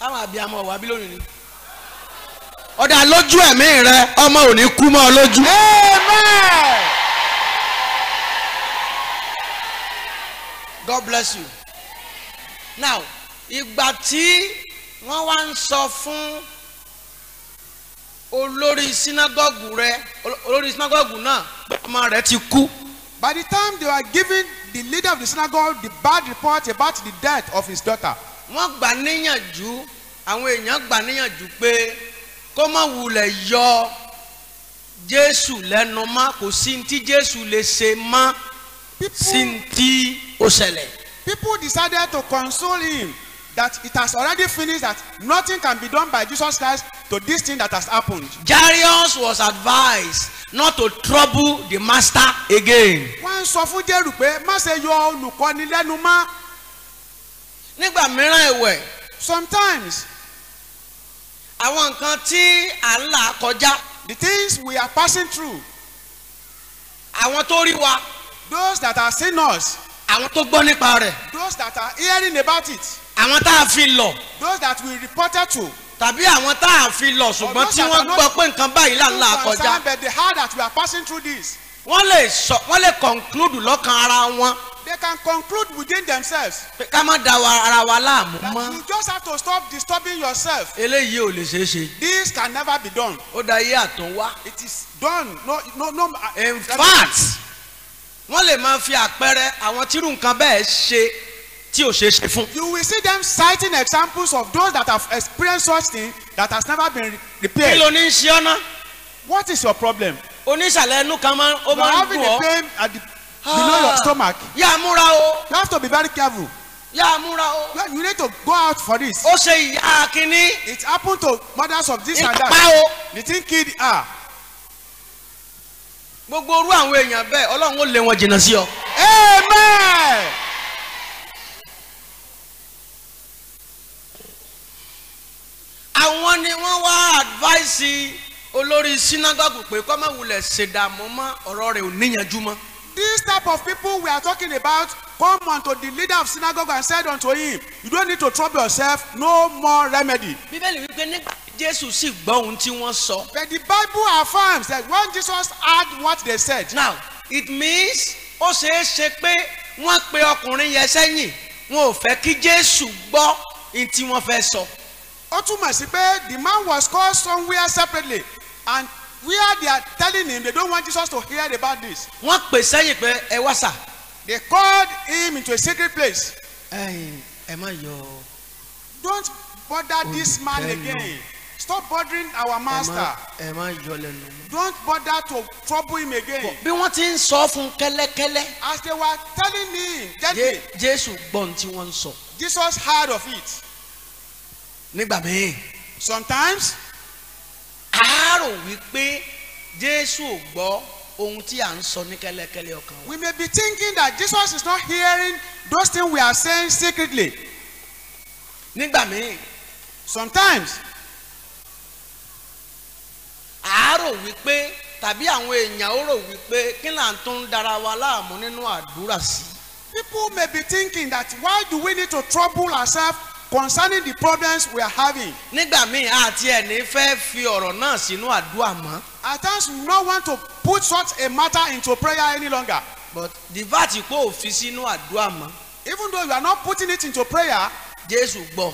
táwọn àbíamọ wà bí lónìí ni. ọ̀dà lójú ẹ̀mí rẹ ọmọ ò ní kú mọ́ ọ lójú. amen. God bless you. now ìgbà tí wọ́n wá ń sọ fún olórí sinagogu rẹ olórí sinagogu náà pé ọmọ rẹ ti kú. by the time they were giving the leader of the synagogue the bad report about the death of his daughter wọ́n gbà níyànjú àwọn èèyàn gbà níyànjú pé kó má wulẹ̀ yọ Jésù lẹ́nu mọ́ kò sí ní tí Jésù lè ṣe mọ́ sí ní tí ó ṣẹlẹ̀. People decided to console him that it has already finished that nothing can be done by Jesus Christ to this thing that has happened. Jairus was advised not to trouble the master again. wọ́n sọ fún Jérù pé má ṣe yọ olùkọ́ni lẹ́nu mọ́ nígbà mìíràn ẹ̀wẹ̀. sometimes. àwọn nǹkan tí à ń là kọjá. the things we are passing through. àwọn tó rí wa. those that are seeing us. àwọn tó gbọ́ nípa rẹ̀. those that are hearing about it. àwọn tá a fi lọ. those that we reported to. tàbí àwọn tá a fi lọ ṣùgbọ́n tí wọ́n gbọ́ pé nǹkan báyìí là ń là kọjá. but the hard that we are passing through this. wọ́n lè sọ wọ́n lè conclude lọ́kàn ara wọn they can conclude within themselves. pé ká má da ara wa láàmú mọ́. you just have to stop disturbing yourself. eléyìí ò lè ṣeé ṣe. this can never be done. ó da iye àtún wá. it is done no no no. Uh, in uh, fact wọ́n lè máa fi àpẹẹrẹ àwọn tírú nǹkan bẹ́ẹ̀ ṣe tí ò ṣeé ṣe fún. you will see them citing examples of those that have experienced such thing that has never been repaired. kí ló ní í ṣe ọ́nà. what is your problem. oníṣàlẹ̀ ẹnu kan máa ń gùn you are having a pain at the below your stomach. yà á múra o. you have to be very careful. yà á múra o. you, need to go out for this. ó ṣe ìyá kínní. it happen to mothers of this and that. ìpa o. the thing kid her. gbogbo orú àwọn èèyàn bẹ́ẹ̀ ọlọ́run ó lé wọn jìnnà sí ọ. amen. àwọn ni wọ́n wá advice olórí sinagogue pé kọ́mọ̀wulẹ̀ ṣèdààmú mọ́ ọ̀rọ̀ rẹ̀ ò níyanjú mọ́. These type of people we are talking about come unto the leader of synagogue and said unto him, You don't need to trouble yourself, no more remedy. Bíbélì wípé nígbà Jésù sì gbọ́ ohun tí wọ́n sọ. But the bible affirms that when Jesus heard what they said. Now it means ó ṣeé ṣe pé wọ́n pe ọkùnrin yẹn sẹ́yìn wọn ò fẹ́ kí Jésù gbọ́ ohun tí wọ́n fẹ́ sọ. Ó túmọ̀ sí pé the man was called somewhere separately and where they are telling him they don't want Jesus to hear about this. wọ́n pè sẹ́yìn pé ẹ wá sà. they called him into a secret place. ẹ má yọ. don't bother this man again stop bothering our master. ẹ má yọ lẹ́nu. don't bother to trouble him again. bí wọ́n ti ń sọ fún kẹ́lẹ́kẹ́lẹ́. as they were telling him gently. jésù gbọ́n tí wọ́n ń sọ. Jesus heard of it. nígbà míì. sometimes á wípé Jésù ò gbọ́ ohun tí à ń sọ ní kẹ́lẹ́kẹ́lẹ́ ọkàn wa. we may be thinking that Jesus is not hearing those things we are saying secretly. nígbà míì. sometimes. à wípé tàbí àwọn èèyàn ó rò wípé kí là ń tún dára wa láàmú nínú àdúrà sí. people may be thinking that why do we need to trouble ourselves concerning the problems we are having. nígbà míì àti ẹ̀ fẹ́ fi ọ̀rọ̀ náà sínú àdúrà mọ́. at times we no want to put such a matter into prayer any longer. but the vat kò fi sínú àdúrà mọ́. even though you are not putting it into prayer. Jésù gbọ́.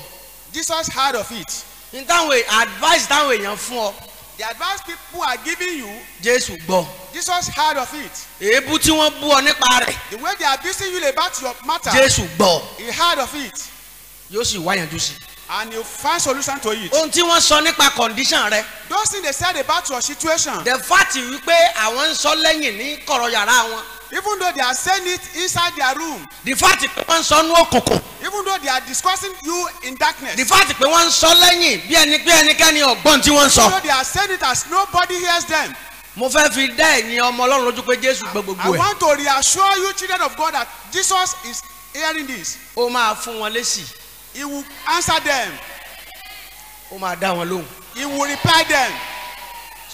Jesus heard of it. in that way. advice táwọn èèyàn fún ọ. the advice people are giving you. Jésù gbọ́. Jesus heard of it. èébú tí wọ́n bú ọ nípa rẹ̀. the way they are abusing you about your matter. Jésù gbọ́. he heard of it yóò sì wáyànjú sí. and you find solution to it. ohun tí wọ́n sọ nípa condition rẹ. those things they said about your situation. the fact wípé àwọn ń sọ lẹ́yìn ní kọ̀rọ̀ yàrá wọn. even though they are saying it inside their room. the fact pé wọ́n ń sọ ní òkùnkùn. even though they are discussing you in darkness. the fact pé wọ́n ń sọ lẹ́yìn bí ẹni pé ẹnikẹ́ni ọ̀gbọ́n tí wọ́n sọ. even though they are saying it as nobody hears them mo fẹ́ fi dá ẹ̀yin ọmọ ọlọ́run lójú pé jésù gbogbo ẹ̀. I want to reassure you children of God that Jesus is hearing this. ó máa fún wọn lésì he will answer them. ó máa dá wọn lóhùn. he will reply them.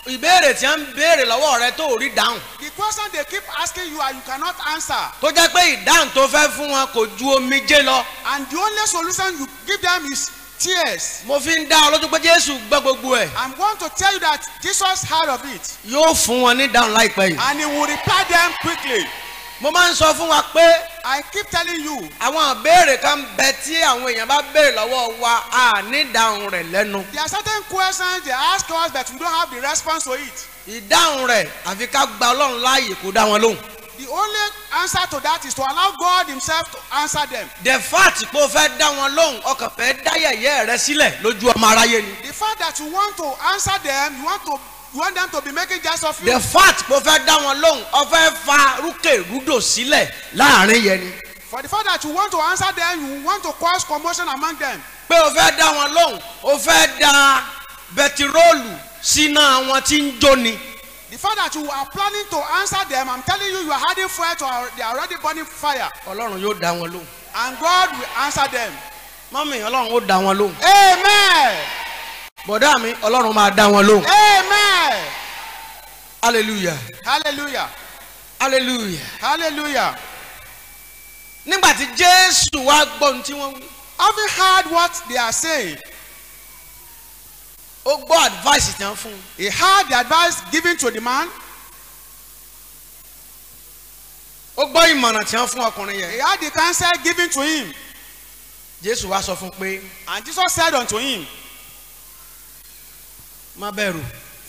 ìbéèrè tí wọ́n ń béèrè lọ́wọ́ rẹ tó rí dáhùn. the question they keep asking you and you cannot answer. tó jẹ́ pé ìdáhùn tó fẹ́ fún wọn kò ju omijé lọ. and the only solution you give them is tears. mo fi ń dá ọ lójú pé jésù gbọ́ gbogbo ẹ̀. i'm going to tell you that jesus heard of it. yóò fún wọn ní dáhùn láìpẹ́ yìí. and he will reply them quickly mo máa ń sọ fún wa pé. I keep telling you. àwọn ìbéèrè kan bẹ tí àwọn èèyàn bá béèrè lọ́wọ́ wa a ní ìdáhùn rẹ̀ lẹ́nu. there are certain questions they ask us but we don't have the response to it. ìdáhùn rẹ̀ àfi ká gba Ọlọ́run láàyè kó dá wọn lóhùn. the only answer to that is to allow God himself to answer them. the fact pé o fẹ́ dá wọn lóhùn ọkàn fẹ́ dá yẹ̀yẹ́ rẹ sílẹ̀ lójú ọmọ aráyé ni. the fact that you want to answer them you want to you want them to be making just of you. the fact mo fẹ́ dá wọn lóhùn ọ fẹ́ fa rúkèrúdò sílẹ̀ láàrin yẹn ni. for the fact that you want to answer them you want to cause commotion among them. pé o fẹ́ dá wọn lóhùn o fẹ́ da bẹtiróòlù sínú àwọn tí ń jóni. the fact that you are planning to answer them i'm telling you you are adding fuel to our they are already burning fire. ọlọ́run yóò dá wọn lóhùn. and God will answer them. mọ́mí ọlọ́run ó dá wọn lóhùn. amen. bọ̀dá mi ọlọ́run máa dá wọn lóhùn. amen hallelujah hallelujah hallelujah hallelujah. nígbà tí Jésù wá gbọ́ ohun tí wọ́n wí. having heard what they are saying. ó gbọ́ advice tí wọ́n fún un. he heard the advice given to the man. ó gbọ́ ìmọ̀ràn tí wọ́n fún ọkùnrin yẹn. he had the counsel given to him. Jésù wá sọ fún un pé. and Jesus said unto him. "Ma bẹ̀rù.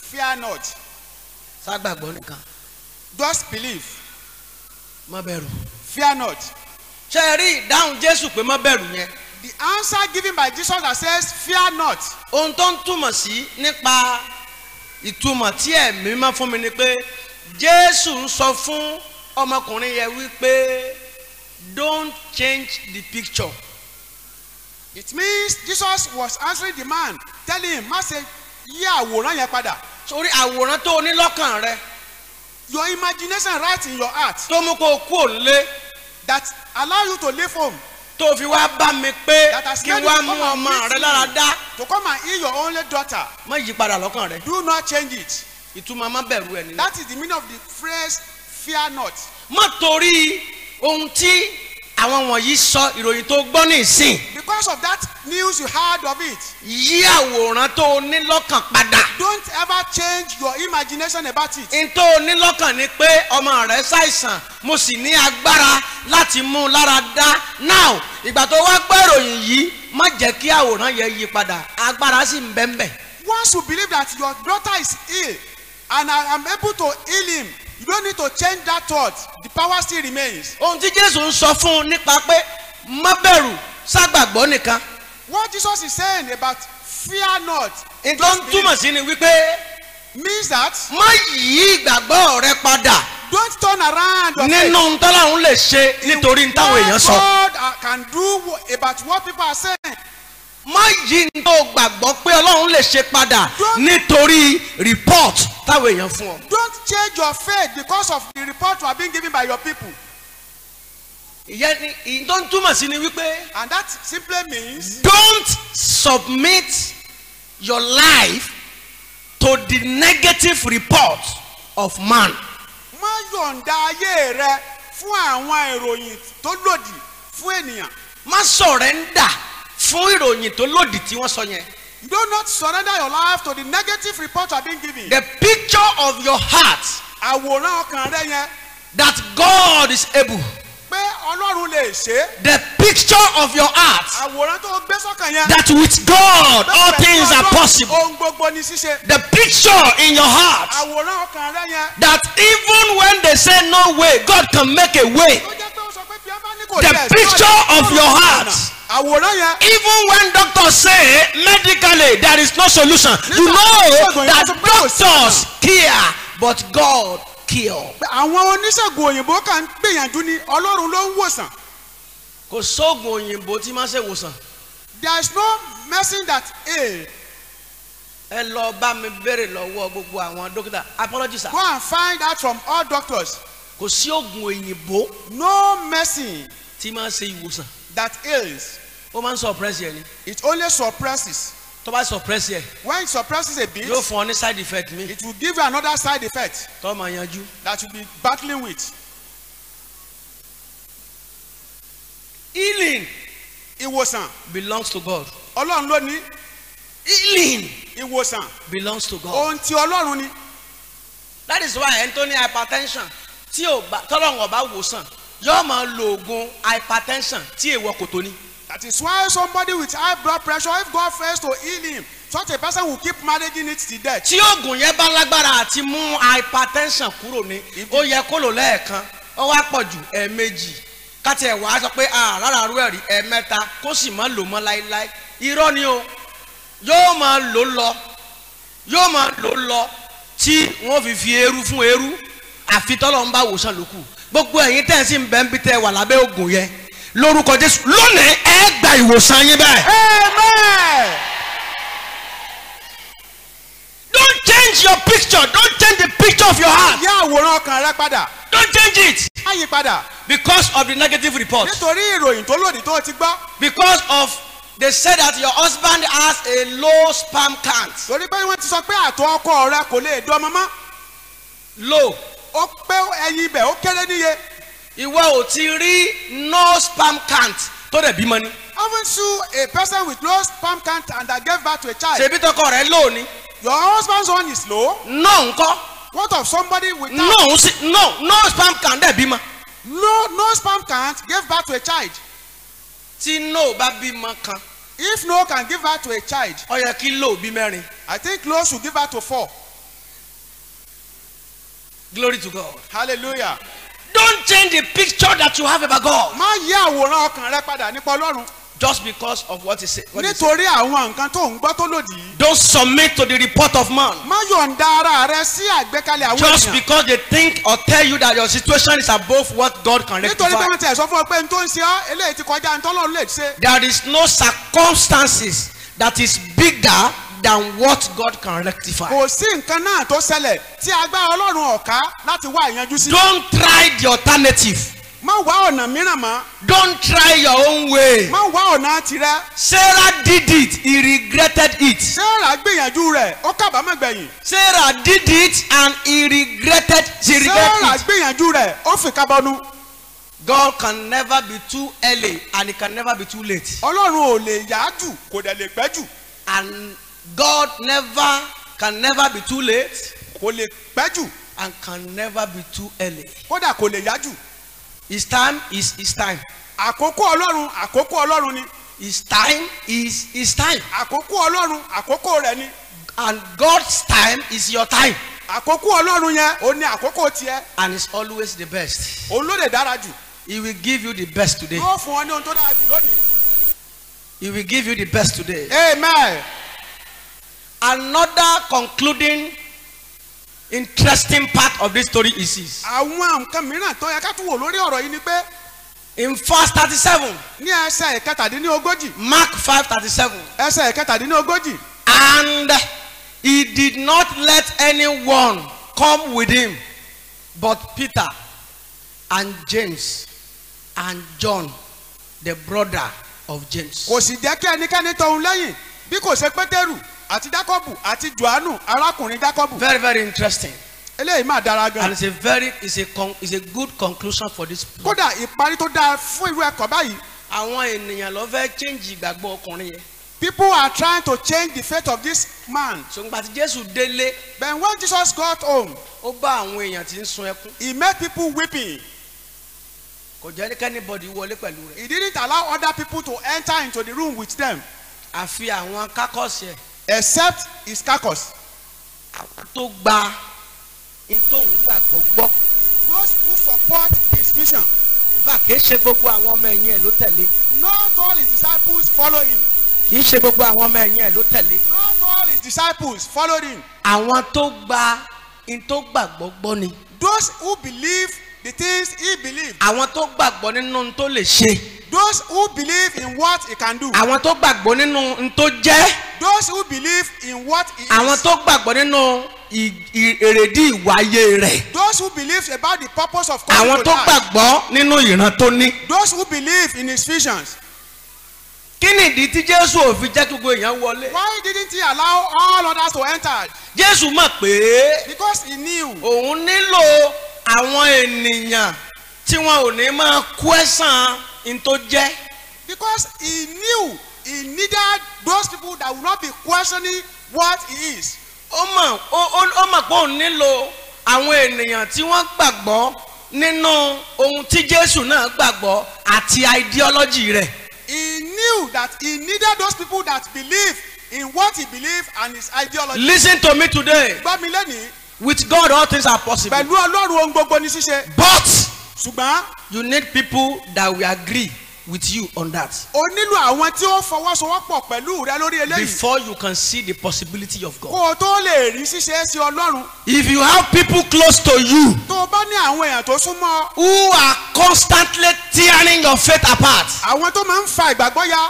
fear not ságbàgbọ́ nìkan. just believe. má bẹ̀rù. fear not. ṣe é rí ìdáhùn jésù pé má bẹ̀rù yẹn. the answer given by jesus that says fear not. ohun tó ń túmọ̀ sí nípa ìtumọ̀ tí ẹ̀mí máa fún mi ni pé jésù ń sọ fún ọmọkùnrin yẹn wípé don't change the picture. it means jesus was answering the man telling him má yí àwòrán yẹn padà. sórí àwòrán tó o ní lọ́kàn rẹ. your imagination right in your heart. tó mú kó o kú òǹlé. that allow you to live home. tó o fi wá bá mi pé kí wá mú ọmọ rẹ lára dá. to come and heal your only daughter. má yí padà lọ́kàn rẹ. do not change it. ìtumọ̀ má bẹ̀rù ẹ̀ nínú. that is the meaning of the phrase fear not. má torí ohun tí àwọn wọ̀nyí sọ ìròyìn tó gbọ́ ní ìsìn because of that news you heard of it. yí àwòrán tó o ní lọ́kàn padà. don't ever change your imagination about it. n tó o ní lọ́kàn ni pé ọmọ rẹ ṣàìsàn mo sì ní agbára láti mú un lára dá now ìgbà tó wá gbẹ́ròyìn yìí má jẹ́ kí àwòrán yẹn yí padà agbára sì ń bẹ́ẹ̀ bẹ́ẹ̀. once you believe that your daughter is ill and I am able to heal him you don't need to change that thought the power still remains. ohun tí jésù ń sọ fún un nípa pé má bẹ̀rù ságbàgbọ́ nìkan. what Jesus is saying about fear not. tó ń túmọ̀ sí ni wípé. means that. má yí ìgbàgbọ́ rẹ padà. don't turn around your faith. nínú ntọ́láhùn lè ṣe nítorí ntáwọn èèyàn sọ. God uh, can do about what people are saying má yí ní o gbàgbọ́ pé ọlọ́run lè ṣe padà nítorí report táwọn èèyàn fún ọ. don't change your faith because of the report you are being given by your people ìyẹn ìyẹn tó ń túmọ̀ sí ni wípé. and that simply means. don't submit your life to the negative report of man. má yọ̀ǹda ayé rẹ fún àwọn ìròyìn tó lòdì fún ènìyàn. má sọ̀rẹ́ńdà fún ìròyìn tó lòdì tí wọ́n sọ yẹn. do not surrender your life to the negative report you have been given. the picture of your heart. àwòrán ọkàn rẹ yẹn. that God is able. the picture of your heart. that with God all things are possible. the picture in your heart. that even when they say no way God can make a way. the picture of your heart. even when doctors say medically there is no solution you know that doctors care but God cure. àwọn oníṣègùn òyìnbó kan ń gbìyànjú ni ọlọ́run ló ń wòsàn. kò sóògùn òyìnbó tí máa ń ṣèwòsàn. there is no medicine that aid. ẹ lọ bá mi béèrè lọ́wọ́ gbogbo àwọn dókítà apology sir. go and find out from all doctors. kò sí oògùn òyìnbó. no medicine. tí máa ń ṣe ìwòsàn. that ails. ó máa ń suppress yẹn ni. it only suppresses tó bá suppress yẹ. when suppresses a bit. yóò fún ọ ní side effect mi. it will give you another side effect. tó máa yanjú. that you be battling with. healing. ìwòsàn. belongs to God. ọlọ́run ló ní. healing. ìwòsàn. belongs to God. ohun tí ọlọ́run ni. that is why ẹni tó ní hypertension tí ò bá tọ́lọ́run ọ̀bá wòsàn yóò máa lo oògùn hypertension tí èèwọ̀ kò tó ní. That is why somebody with high blood pressure, if God fails to heal him, such a person will keep managing it till death. Tí oògùn yẹn bá lágbára àti mú hypertension kúrò ní, ó yẹ kó lò lẹ́ẹ̀kan, ó wá pọ̀ jù ẹ̀ẹ̀mejì. Káti ẹ̀ wá sọ pé rárá ru ẹ̀rí ẹ̀ẹ̀mẹ́ta kó sì má lò mọ́ láéláé. Irọ́ ni o, yóò máa lò lọ, yóò máa lò lọ tí wọ́n fi fi eru fún eru àfi ń bá wòsàn lókù. Gbogbo ẹ̀yin tẹ̀ ń bẹ́ẹ̀ ń bí tẹ́ wà lábẹ́ oògùn yẹn lórúkọ jésù lónìí ẹ gba ìwòsàn yín báyìí. amen. don't change your picture don't change the picture of your heart. yí àwòrán ọkàn rẹ padà. don't change it. má yí padà. because of the negative report. nítorí ìròyìn tó lòdì tó ti gbọ́. because of they say that your husband has a low sperm count. torí pé wọ́n ti sọ pé àtọ̀ ọkọ rẹ kò lè dán mọ́mọ́. low. ó pé ẹyin ibẹ̀ ó kéré níye ìwọ ò ti rí no sperm count tó dẹ̀ bímọ ni. haven't you a person with no sperm count and that gave birth to a child. ṣebí tọkọ rẹ lóò ni. your husband's one is low. no nkọ. what of somebody with no no no sperm count dẹ̀ bímọ. no no sperm count gave birth to a child. tí no bá bímọ kan. if no can give birth to a child. ó kí low bí mẹ́rin. i think low should give birth to four. glory to God. hallelujah don't change the picture that you have about God. má yí àwòrán ọkàn rẹ padà nípa ọlọ́run. just because of what he say. nítorí àwọn nǹkan tó ń gbọ́ tó lòdì. don't submit to the report of man. má yọ̀ǹda ara rẹ sí àgbékalẹ̀ àwọn ènìyàn. just because they think or tell you that your situation is above what God can rectify. nítorí pé wọ́n ti sọ fún ọ pé n tó ń ṣe ọ́ eléyìí ti kọjá n tọ́lọ́run lè ṣe. there is no circumstances that is bigger than what God can rectify. kò sí nǹkan náà tó ṣẹlẹ̀ tí agbára ọlọ́run ọ̀ká láti wá ìyanjú sí. don't try the alternative. má wá ọ̀nà mìíràn mọ́. don't try your own way. má wá ọ̀nà tirẹ̀. sarah did it he regretted it. sarah gbìyànjú rẹ̀ ó kábàámọ̀ gbẹ̀yìn. sarah did it and he regretted she regretted it. sarah gbìyànjú rẹ̀ ó fi kábọ́nú. God can never be too early and he can never be too late. Ọlọ́run ò lè yá jù kò dẹ̀ lè pẹ́ jù. And God never can never be too late. Kò lè pẹ́ jù. And can never be too early. Kódà kò lè yá jù. His time is his time. Àkókò Ọlọ́run àkókò Ọlọ́run ni. His time is his time. Àkókò Ọlọ́run àkókò rẹ̀ ni. And God's time is your time. Àkókò Ọlọ́run yẹn ó ní àkókò tiẹ̀. And it's always the best. Òun ló lè dára jù. He will give you the best today. Yóò fún ọ ní ohun tó dára jù lónìí. He will give you the best today. Amen another concluding interesting part of this story is this. àwọn nǹkan mìíràn tó yẹ ká tún wò lórí ọ̀rọ̀ yìí ni pé. in verse thirty-seven. ní ẹsẹ̀ ìkẹtàdínlógójì. mark five thirty-seven. ẹsẹ̀ ìkẹtàdínlógójì. and he did not let anyone come with him but peter and james and john the brother of james. kò sì jẹ́ kí ẹnikẹ́ni tọ̀hún lẹ́yìn bí kò ṣe pétérù àti jacobu àti johannu arákùnrin jacobu. very very interesting. eléyìí máa dára gan. and it's a very it's a con it's a good conclusion for this. kódà ìparí tó dáa fún irú ẹ̀kọ́ báyìí. àwọn ènìyàn ló fẹ́ change ìgbàgbọ́ ọkùnrin yẹn. people are trying to change the faith of this man. ṣùgbọ́n àti jésù délé. but when jesus got home. ó bá àwọn èèyàn tí ń sun ẹkún. he made people weeping kò jẹ́ kí anybody wọlé pẹ̀lú rẹ̀. he didn't allow other people to enter into the room with them. àfi àwọn kákọ́sì ẹ̀ except his carcass. àwọn tó gba ìtòhún gbàgbọ́ gbọ́. those who support his vision. ìfà kìí ṣe gbogbo àwọn ọmọ ẹ̀yìn ẹ̀ ló tẹ̀lé. not all his disciples follow him. kìí ṣe gbogbo àwọn ọmọ ẹ̀yìn ẹ̀ ló tẹ̀lé. not all his disciples follow him. àwọn tó gba ìtòhún gbàgbọ́ gbọ́ ni. those who believe the things he believed. àwọn tó gbàgbọ́ nínú ohun tó lè ṣe. those who believe in what he can do. àwọn tó gbàgbọ́ nínú ohun tó jẹ́. those who believe in what he is. àwọn tó gbàgbọ́ nínú èrèdí ìwáyé rẹ̀. those who believe about the purpose of coming to die. àwọn tó gbàgbọ́ nínú ìran tó ní. those who believe in his visions. kí ni ìdí tí jésù ò fi jẹ́ kí gbogbo èèyàn wọlé. why didn't he allow all others to enter. jésù mọ̀ pé. because he knew. òun nílò àwọn ènìyàn tí wọn ò ní máa kú ẹ̀sán in tó jẹ́. because he knew he needed those people that would not be questioning what he is. ó mọ̀ ó mọ̀ pé òun nílò àwọn ènìyàn tí wọ́n gbàgbọ́ nínú ohun tí Jésù náà gbàgbọ́ àti ideology rẹ̀. he knew that he needed those people that believe in what he believe and his ideology. listen to me today. gbọ́ mi lẹ́nìí with God all things are possible. pẹ̀lú ọlọ́run ohun gbogbo ni ṣíṣe. but ṣùgbọ́n. you need people that will agree with you on that. o nílò àwọn tí ó fọwọ́sowọ́pọ̀ pẹ̀lú rẹ lórí eléyìí. before you can see the possibility of God. kó o tó lè rí ṣíṣe sí ọlọ́run. if you have people close to you. tó o bá ní àwọn èèyàn tó súnmọ́. who are constantly tearing your faith apart. àwọn tó máa ń fa ìgbàgbọ́ ya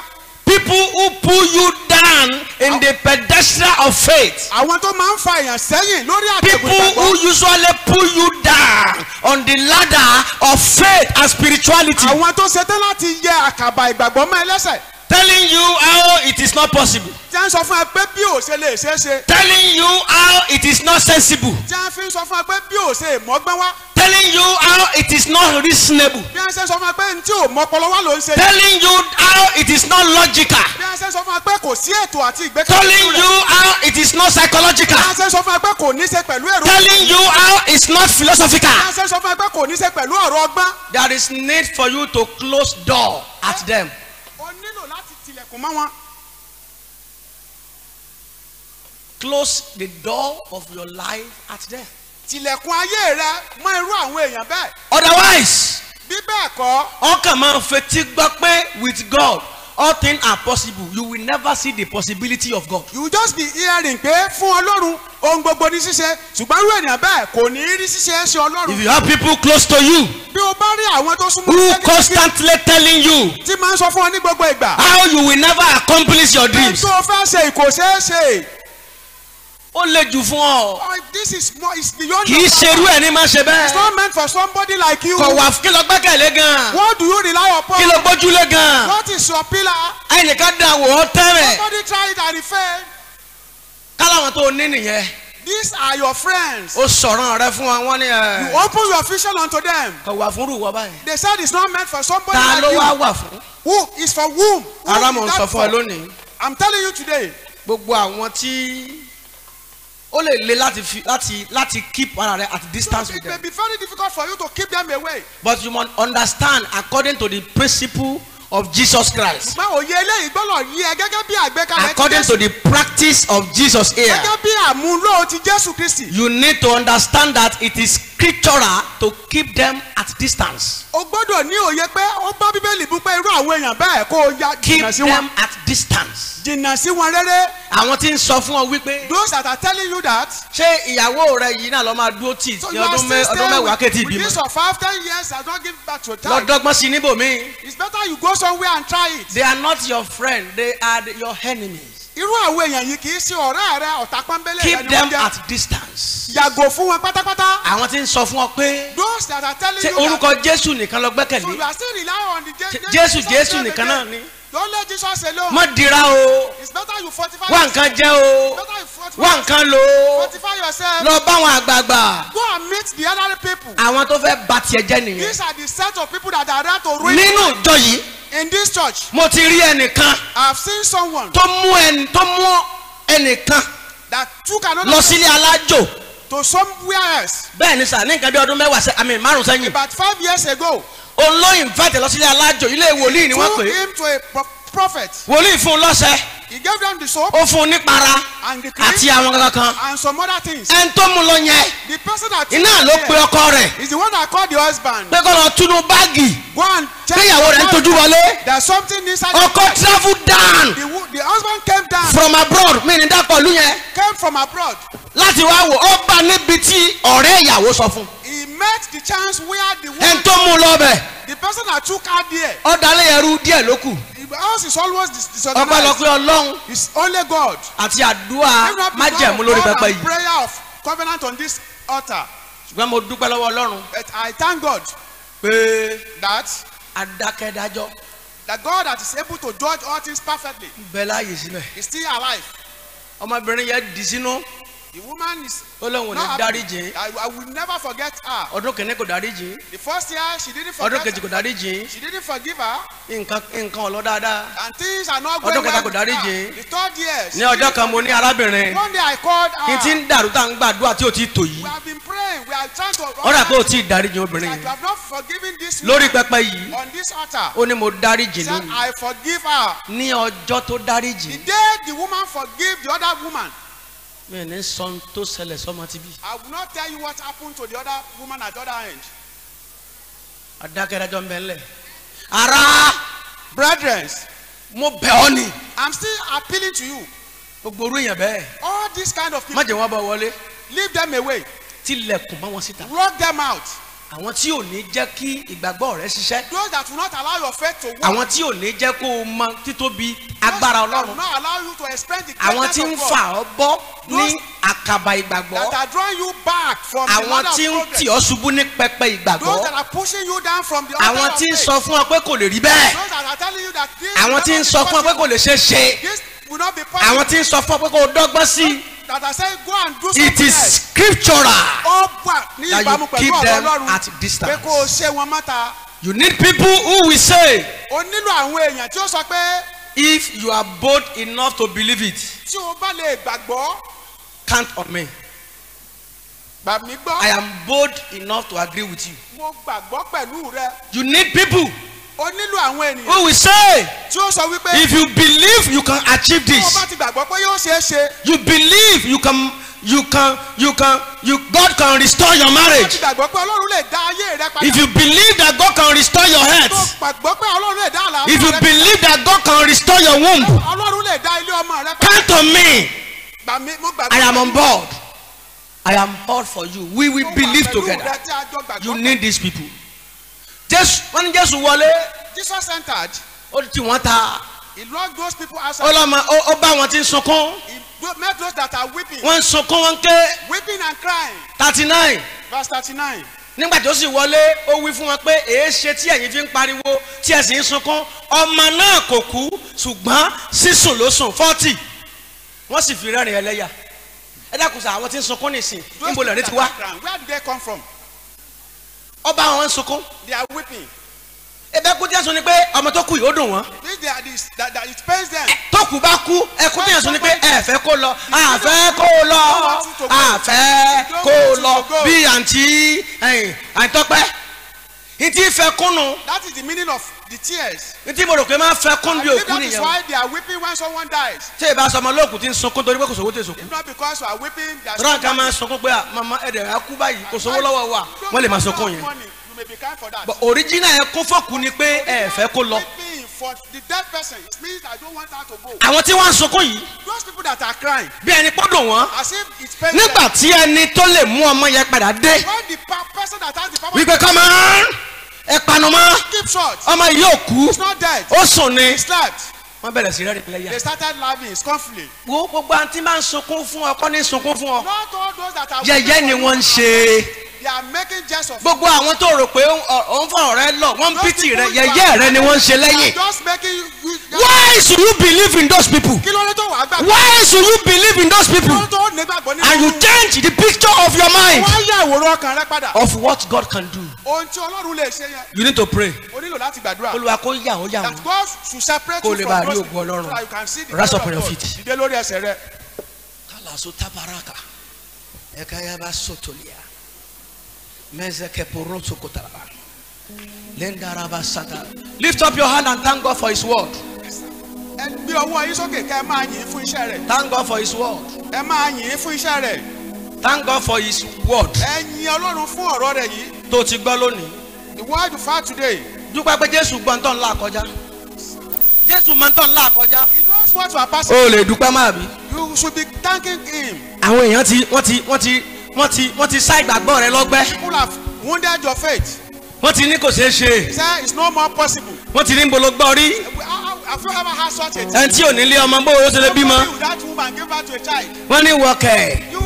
people who pull you down in the pedestal of faith. àwọn tó máa ń fa èèyàn sẹ́yìn lórí àtẹ̀gùn ìgbàgbọ́. people who usually pull you down on the ladder of faith and spirituality. àwọn tó ṣetán láti yẹ àkàbà ìgbàgbọ́ mọ́ ẹlẹ́sẹ̀ telling you how it is not possible. tí ń sọ fún ẹ pé bí ò ṣe lè ṣe é ṣe. telling you how it is not sensible. tí a fi sọ fún ẹ pé bí ò ṣe mọ́gbọ́n wá. telling you how it is not reasonable. bí a ṣe sọ fún ẹ pé n tí ò mọ́pọlọ wá ló ń ṣe. telling you how it is not logical. bí a ṣe sọ fún ẹ pé kò sí ètò àti ìgbékalẹ̀. telling you how it is not psychological. bí a ṣe sọ fún ẹ pé kò ní ṣe pẹ̀lú èrò. telling you how it is not philosophical. bí a ṣe sọ fún ẹ pé kò ní ṣe pẹ̀lú ọ̀rọ̀ ọgbọ́n. there is need for you to close door at them kò má close the door of your life at death. tilẹ̀kùn ayé rẹ mọ irú àwọn èèyàn bẹ́ẹ̀. otherwise. bí bẹ́ẹ̀ kọ́. ọkàn máa ń fetí gbọ́ pé with God all things are possible you will never see the possibility of God. you just be hearing pé fún Ọlọ́run ohun gbogbo ní ṣíṣe ṣùgbọ́n irú ènìyàn bẹ́ẹ̀ kò ní rí ṣíṣe ṣe ọlọ́run. if you have people close to you. bí o bá rí àwọn tó súnmọ́ who constantly telling you. tí máa ń sọ fún ọ ní gbogbo ìgbà. how you will never accomplish your dreams. ètò fẹ́ ṣe kò ó lè jù fún ọ. Oh, this is more is beyond kì í ṣerú ẹ̀ ní máa ṣe bẹ́ẹ̀. it's not meant for somebody like you. kò wà kí ló gbẹ́kẹ̀lé gan. what do you rely upon. kí ló gbójúlé gan. what is your pillar. ẹnìkan dàwọ̀ ọ́ tẹ́rẹ̀. somebody tried and failed. tó ní nìyẹn these are your friends. ó sọ̀rọ̀ rẹ fún wọn wọ́n ní you open your vision unto them. kò wà fún rúwọ́ báyìí. they said it's not meant for somebody like you. ta ló wá wà fún. who is for whom. ara mò ń sọ fún ẹ lónìí. i'm telling you today. gbogbo àwọn tí ó lè le láti fi láti láti keep ara rẹ at distance with them. it may be very difficult for you to keep them away. but you must understand according to the principle of Jesus Christ. Má òye eléyìí gbọ́dọ̀ yí ẹ gẹ́gẹ́ bí àgbékalẹ̀. According to the practice of Jesus here. Gẹ́gẹ́ bí àmúlò ti Jésù Kristì. You need to understand that it is scriptural to keep them at distance. O gbọ́dọ̀ ní òye pé ó bá Bíbélì bú pé irú àwọn èèyàn bẹ́ẹ̀ kó o ya jìnnà sí wọn. Keep them at distance jìnnà sí wọn rere. àwọn tí ń sọ fún ọ wípé. those that are telling you that. ṣé ìyàwó rẹ yìí náà lọ máa dúró tì so you are still staying with this of five ten years I don't give back to a. time. lọ́dọ́gbọ́n sí níbòmí. it's better you go somewhere and try it. they are not your friend they are your enemies irú àwọn èèyàn yìí kì í ṣe ọ̀rẹ́ rẹ ọ̀tá pọ́nbélé keep them at distance. yàgò fún wọn pátápátá. àwọn tí ń sọ fún ọ pé. those that are telling you that. orúkọ jésù nìkan lọ gbẹ́kẹ̀lé. so you are still relying on the jésù jésù nìkan náà ni don't let Jesus alone. mọ dira o. it's better jẹ o. it's better you o. lọ bá àwọn àgbààgbà. go and meet the elderly people. àwọn tó fẹ́ bà tiẹ̀ jẹ́ nìyẹn. these are the set of people that are there to ruin. nínú ìjọ yìí. in this church. mo ti rí ẹnìkan. seen someone. tó mú ẹni ẹnìkan. that took another. lọ sílé alájò. to somewhere else. bẹ́ẹ̀ ni sà ní nǹkan bí ọdún mẹ́wàá sẹ́yìn. about five years ago òun ló invite alájò ilé wòlíì ni wọ́n pè é. to a prophet. wòlíì fún un lọ́sẹ̀. he gave them the soap. ó fún un nípara. and the cream àti àwọn kankan. and some other things. ẹni tó mú lọ yẹn. the person that iná ló pe ọkọ rẹ̀. is the one that called the husband. pé kó lọ túnú báàgì. péyàwó rẹ̀ ń tojú wọlé. something inside the ọkọ travel down. husband came down. from abroad mi ní dàpọ̀ lu yẹn. came from abroad. láti wá wò ó bá níbi tí ọ̀rẹ́ ìyàwó sọ fún un he met the chance where the woman. ẹn tó mú lọ bẹ. the person that took her there. ọ̀dàlẹ̀ ẹrú díẹ̀ ló the house is always disorganized. ọpẹ́ lọ pé ọlọ́run. it's only God. àti àdúrà májẹ̀mú lórí pẹpẹ yìí. prayer of covenant on this altar. ṣùgbọ́n mo dúpẹ́ lọ́wọ́ ọlọ́run. but I thank God. pé. that. adákẹ́dájọ́. that God that is able to judge all things perfectly. bẹ́ẹ̀ láàyè síbẹ̀. he is still alive. ọmọbìnrin yẹn dì sínú the woman is. ó lóun ní I will never forget her. ọdún kìíní kò dáríjì. the first year she didn't forget. ọdún kejì kò dáríjì. she didn't forgive her. nǹkan nǹkan ọ̀lọ́ dáadáa. and things are not going well ọdún kẹta kò dáríjì. the third year. ní ọjọ́ kan mo ní arábìnrin. one day I called her. n ti ń dàrú tá à gbàdúrà tí o ti tò yìí. we have been praying we are trying to. ọ̀rọ̀ àpò tí ì dáríjì obìnrin yìí. that you have not forgiven this woman. lórí pẹpẹ yìí. on this altar. ó ní mo dáríjì lónìí. said I forgive her. ní ọjọ́ tó dáríjì. the day the woman forgive the other woman mi ò ní sọ tó ṣẹlẹ̀ sọ́mọ tibí. I will not tell you what happened to the other woman at the other end. adákẹ́rẹ́jọ́ ń bẹ lẹ̀. ara brethren mo bẹ̀ ọ́ ni. I am still appealing to you. gbogbo orú èèyàn bẹ́ẹ̀. all these kind of people. má jẹ́ wọ́n bá wọlé. leave them away. tilẹ̀kùn bá wọn síta. lock them out àwọn tí ò ní jẹ́ kí ìgbàgbọ́ rẹ ṣiṣẹ́. those that will not allow your faith to work. àwọn tí ò ní jẹ́ kó o mọ títóbi agbára ọlọ́run. those that will not allow you to experience the greatness of God. àwọn tí ń fà ọ́ bọ́ ní àkàbà ìgbàgbọ́. that are drawing you back from the ladder of progress. àwọn tí ń tì ọ́ ṣubú ní pẹpẹ ìgbàgbọ́. those that are pushing you down from the altar of faith. àwọn tí ń sọ fún ọ pé kò lè rí bẹ́ẹ̀. those that are telling you that this will not be possible. àwọn tí ń sọ fún ọ pé kò lè ṣeé ṣe. this will not be possible. àwọn tí ń sọ fún ọ pé kò dọ́gbọ́n sí that I say go and do something It is scriptural. Ó wà ní ìbámu pẹ̀lú ọ̀rọ̀ Ọlọ́run. That you keep them at distance. Pé kó o ṣe wọn mọ́ta. You need people who will say. O nílò àwọn èèyàn tí ó sọ pé. If you are bold enough to believe it. Tí o bá lè gbàgbọ́. Count on me. Gbà mí gbọ́. I am bold enough to agree with you. Mo gbàgbọ́ pẹ̀lú rẹ. You need people ó nílò àwọn ènìyàn. who will say. tí ó sọ wípé. if you believe you can achieve this. tó o bá ti gbàgbọ́ pé yóò ṣeé ṣe. you believe you can you can you can you God can restore your marriage. tó o ti gbàgbọ́ pé Ọlọ́run lè dá ayé rẹ padà. if you believe that God can restore your health. tó o gbàgbọ́ pé Ọlọ́run lè dá àlàáfíà rẹ padà. if you believe that God can restore your womb. Ọlọ́run lè dá ilé ọmọ rẹ padà. count on me. gbà mí mo gbàgbọ́. I am on board. I am all for you. We will believe together. You need these people. Jésù wọ́n ní Jésù wọlé. Jesus entered. Ó ti wọ́n ta. He locked those people outside. Ọlọ́mọ ó bá wọn tí ń sunkún. He met those that are weeping. Wọ́n ń sunkún wọ́n ń ké. Weeping and crying. thirty nine. verse thirty nine. Nígbà tó sì wọlé, ó wí fún wọn pé èé ṣe tí ẹ̀yin fi ń pariwo tí ẹ̀ sì ń sunkún. Ọmọ náà kò kú ṣùgbọ́n sísùn ló sùn forty. Wọ́n sì fi rẹ́rìn ẹlẹ́yà. Ẹ dákun sá àwọn tí ń sunkún nìsín. Níbo lẹ́rìí ti wá? Where did they come from? ọba àwọn sunkún. they are weeping. ebe kú tí ẹ sọ ni pé ọmọ tó kù yìí ó dùn wọn. this they are this that that it pains them. tókù bá kú ẹkú tí ẹ sọ ni pé ẹ fẹ́ kó lọ a fẹ́ kó lọ a fẹ́ kó lọ bí àǹtí àìtọ́pẹ́. Ntí fẹ́ kúnnu. That is the meaning of the tears. Ntí mo rò pé máa fẹ́ kún bí òkú nìyẹn. I believe that is why they are weeping when someone dies. Ṣé ìbá sọ ọmọ olóòkú ti ń sunkún torí pé kò sówó tè sunkún? If not because we are weeping. Rọ́n ká máa sunkún pé ah, mama ẹ̀dẹ̀ á kú báyìí kò sówó lọ́wọ́ wa wọ́n lè máa sunkún yẹn. But original ẹ̀ kún fọ́ọ̀kù ni pé ẹ fẹ́ kó lọ for the dead person it means i don't want her to go. àwọn tí wọ́n ń sunkún yìí. those people that are crying. bí ẹni pọ́dọ̀ wọ́n. as if it's pain. nígbà tí ẹni tó lè mú ọmọ yẹn padà dé. when the person that has the power. wípé come on ẹ panu mọ́. keep short. ọmọ yìí yóò kú. it's not dead. ó sùn ni. it's slept wọ́n bẹ̀rẹ̀ sí rẹ́rìn lẹ́yà. they started laughing it's conflict. wo gbogbo àǹtí máa ń sunkún fún ọkọ ní sunkún fún ọ. not all those that are. yẹyẹ ni wọ́n ń ṣe they are making jest of. gbogbo àwọn tó rò pé òun fọ̀rọ̀ rẹ lọ wọ́n ń pìtì rẹ yẹ̀yẹ́ rẹ ni wọ́n ń ṣe lẹ́yìn. why should you believe in those people? why should you believe in those people? and you change the picture of your mind. of what God can do. you need to pray. o nílò yà ó yà wọ́n. that God should separate you from lè bá rí ògùn Ọlọ́run. rise up on your feet. kálá so tabaraka ẹ̀ka yẹn bá sọ̀tòlíà. Lift up your hand and thank God for His word. Ẹ ọwọ́ yín sókè ká ẹ máa yìn fún iṣẹ́ rẹ̀. Thank God for His word. Ẹ máa yìn fún iṣẹ́ rẹ̀. Thank God for His word. Ẹ yin Ọlọ́run fún ọ̀rọ̀ rẹ̀ yìí. Tó ti gbọ́ lónìí. The word you today. Dúpẹ́ pé Jésù gbọ́ ntọ́ ńlá kọjá. Jésù mọ ntọ́ ńlá kọjá. He knows what you are O lè dúpẹ́ máa bí. You should be thanking him. Àwọn èèyàn ti wọ́n ti wọ́n ti wọ́n ti wọ́n ti sá ìgbàgbọ́ rẹ lọ́gbẹ́. people have wounded your faith. wọ́n ti ní kò ṣeé ṣe. he said it's no more possible. wọ́n ti ní gbólógbó rí. have you ever had such a thing. ẹni tí ò ní lé ọmọ bó o ṣe lè bímọ. that woman Give birth to a child. wọ́n ní wọ̀kẹ́. you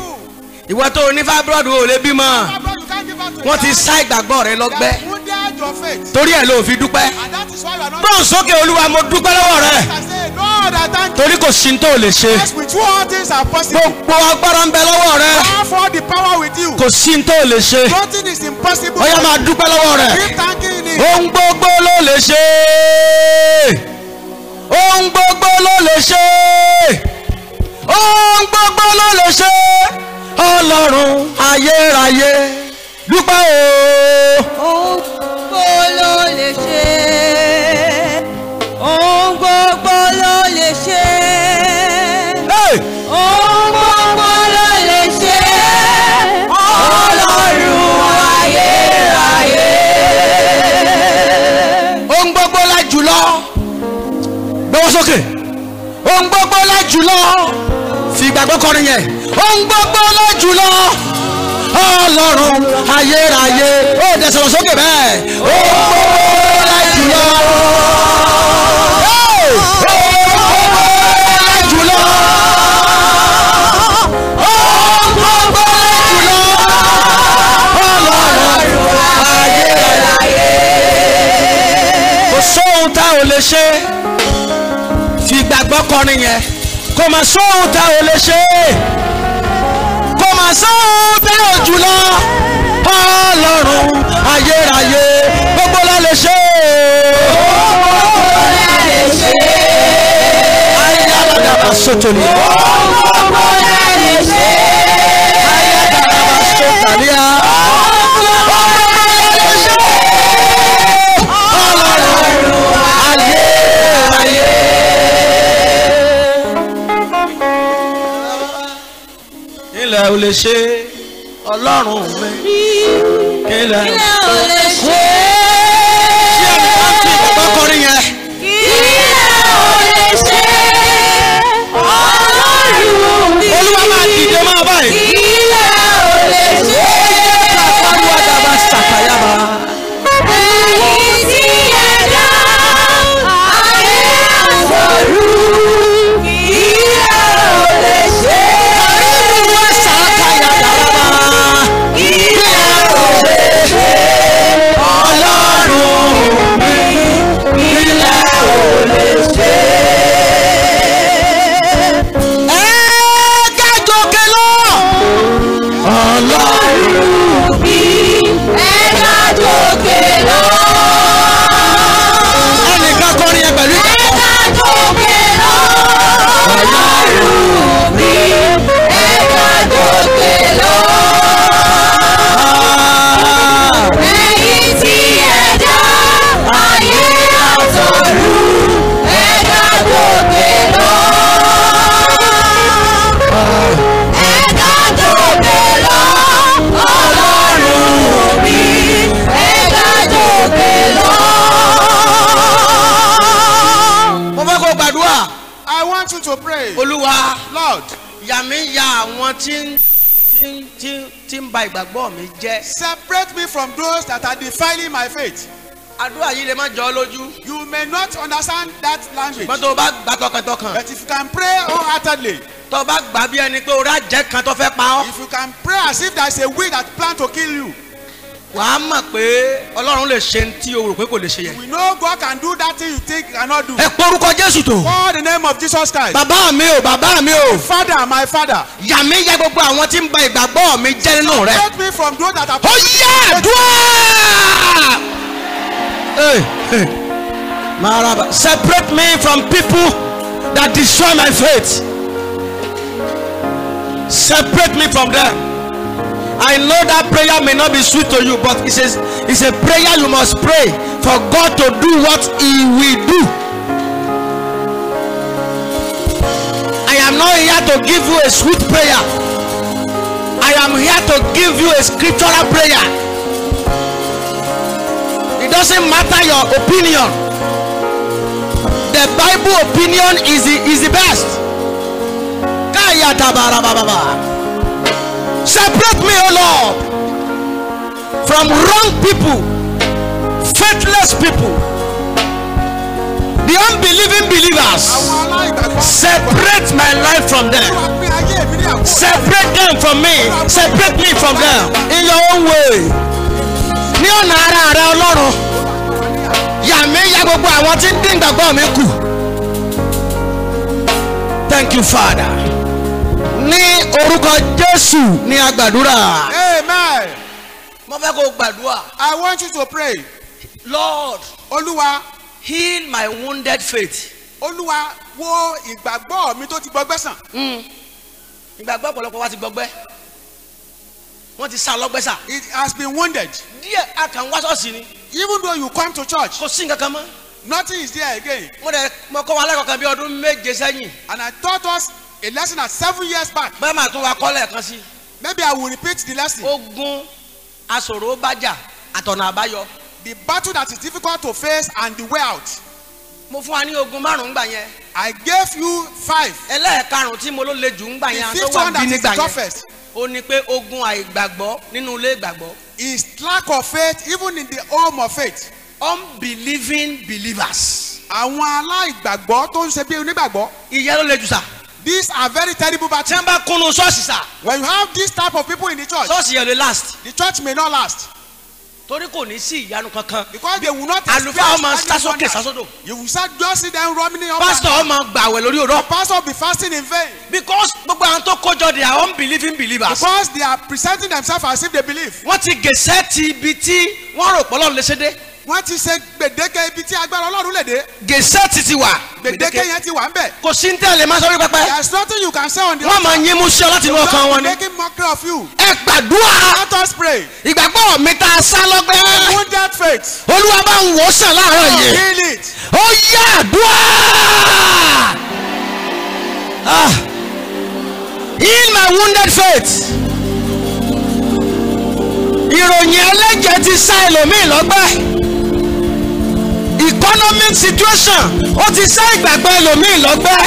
ìwọ tó o ní fibroid o lè bímọ. fibroid you can't give birth to a child. wọ́n ti sá ìgbàgbọ́ rẹ lọ́gbẹ́. they wounded your faith. torí ẹ̀ ló fi dúpẹ́. and that is why you are not. gbọ́n sókè olúwa mo dúpẹ́ lọ́wọ́ rẹ. I say no. Lord, thank you. Torí kò sí tó lè ṣe. Yes, with all things are possible. Gbogbo agbára ń bẹ lọ́wọ́ rẹ. Therefore the power with you. Kò sí tó lè ṣe. Nothing is impossible. Ó yá máa dúpẹ́ lọ́wọ́ rẹ. Keep thanking him. Ohun gbogbo ló lè ṣe. Ohun gbogbo ló lè ṣe. Ohun gbogbo ló lè ṣe. Ọlọ́run ayérayé dúpẹ́ o. Ohun gbogbo ló lè ṣe. jùlọ fìgbàgbọ́ kọrin yẹn ohun gbogbo ló jùlọ ọlọ́run ayérayé ó dẹ̀ sọ̀rọ̀ sókè bẹ́ẹ̀ ohun gbogbo ló jùlọ. kò sóhun tá ò lè ṣe fìgbàgbọ́ kọrin yẹn kò mà sóhun tá ò lè ṣe kò mà sóhun tá ò jù lọ ọlọ́run ayérayé gbogbo la lè ṣe. gbogbo la lè ṣe. ayé alága bá sọ̀tò nìyẹn. gbogbo la lè ṣe. kílẹ̀ ò lè ṣe ọlọ́run mi kílẹ̀ ò lè ṣe. ṣé ẹni bá ń fi ìgbàgbọ́ yẹn. kílẹ̀ ò lè ṣe ọlọ́run mi. olúwa máa dìde máa báyìí. kílẹ̀ ò lè ṣe. tàn jẹ. separate me from those that are defiling my faith. àdúrà yìí lè má jọ ọ lójú. you may not understand that language. ṣùgbọ́n tó o bá gbà tọkàntọkàn. but if you can pray wholeheartedly. tó o bá gbà bí ẹni pé o rà jẹ́ kan tó fẹ́ pa ọ́. if you can pray as if there is a will that plan to kill you wàá mọ̀ pé ọlọ́run lè ṣe tí o rò pé kò lè ṣe yẹn. we know God can do that thing you think cannot do. ẹ porúkọ Jésù tó. call the name of Jesus Christ. bàbá mi o bàbá mi o. my father my father. yà mí yà gbogbo àwọn tí ń ba ìgbàgbọ́ mi jẹ́ nínú rẹ. protect me from those that are. ó yẹ dùá. maraba separate me from people that destroy my faith. separate me from them. I know that prayer may not be sweet to you, but it says it's a prayer you must pray for God to do what He will do. I am not here to give you a sweet prayer. I am here to give you a scriptural prayer. It doesn't matter your opinion. The Bible opinion is the, is the best. Separate me, oh Lord, from wrong people, faithless people, the unbelieving believers. Separate my life from them. Separate them from me. Separate me from them in your own way. Ní ọ̀nà ara rẹ Ọlọ́run, yà mí yà gbogbo àwọn tí ń dín ìgbàgbọ́ mi kù. Thank you, Father. ní orúkọ jésù ní agbàdúrà. amen. mo fẹ́ kó gbàdúrà. i want you to pray. lord. olúwa. heal my wounded faith. olúwa wo ìgbàgbọ́ mi tó ti gbọgbẹ́ sàn. Hmm. ìgbàgbọ́ ọ̀pọ̀lọpọ̀ wa ti gbọgbẹ́ wọ́n ti sá lọ́gbẹ́ sá. it has been wounded. díẹ̀ a kàn wá sọ́ọ̀sì ni. even though you come to church. kò sí nǹkan kan mọ́. nothing is there again. mo dẹ̀ mo kọ́ wa alákọ̀ọ́kan bí ọdún méje sẹ́yìn. and I taught us a lesson at seven years back. bẹ́ẹ̀ máa tún wa kọ́ lẹ́ẹ̀kan sí. maybe I will repeat the lesson. ogun aṣòro bájà àtọ̀nà àbáyọ. the battle that is difficult to face and the way out. mo fún wa ní ogun márùn-ún gbà yẹn. I gave you five. ẹlẹ́ẹ̀karùn tí mo ló le jù ń gbà yẹn. the fifth one that is the toughest. ó ní pé ogun àìgbàgbọ́ nínú ilé ìgbàgbọ́. is lack of faith even in the home of faith. unbelieving believers. àwọn aláìgbàgbọ́ tó ń ṣe bí onígbàgbọ́. ìyẹn ló le jù sá these are very terrible battles. tẹ́ kunu ṣọ́ọ̀ṣì sá. when you have this type of people in the church. ṣọ́ọ̀ṣì yẹn lè last. the church may not last. torí kò ní sí ìyanu kankan. because they will not experience àlùfáà ọmọ sasókè sasódò. you will start just see them roaming pastor ọmọ gbàwẹ̀ lórí òró. the pastor be fasting in vain. because gbogbo àwọn tó kójọ they are unbelieving believers. because they are presenting themselves as if they believe. wọ́n ti gèsè ti ibi tí wọ́n rò pọ́lọ́ lè ṣe dé wọ́n ti ṣe gbèdéke ibi tí agbára ọlọ́run lè dé. gèsè ti ti wà. gbèdéke yẹn ti wà ń bẹ̀. kò sí ní tẹ́lẹ̀ máa sọ wí pẹ́pẹ́. there is nothing you can say on the. wọ́n máa yín mú sí ọ láti inú ọkàn wọn ni. they making mockery of you. ẹ gbàdúrà. let us pray. ìgbàgbọ́ mi ta sá lọ́gbẹ́. wound that faith. olúwa bá ń wò sàn láàárọ̀ yìí. heal it. ó yá àdúrà. Ah. heal my wounded faith ìròyìn ẹlẹ́jẹ̀ ti sá ẹlòmíì lọ́gbẹ́. economic situation ó ti sá ìgbàgbọ́ ẹlòmíì lọ́gbẹ́.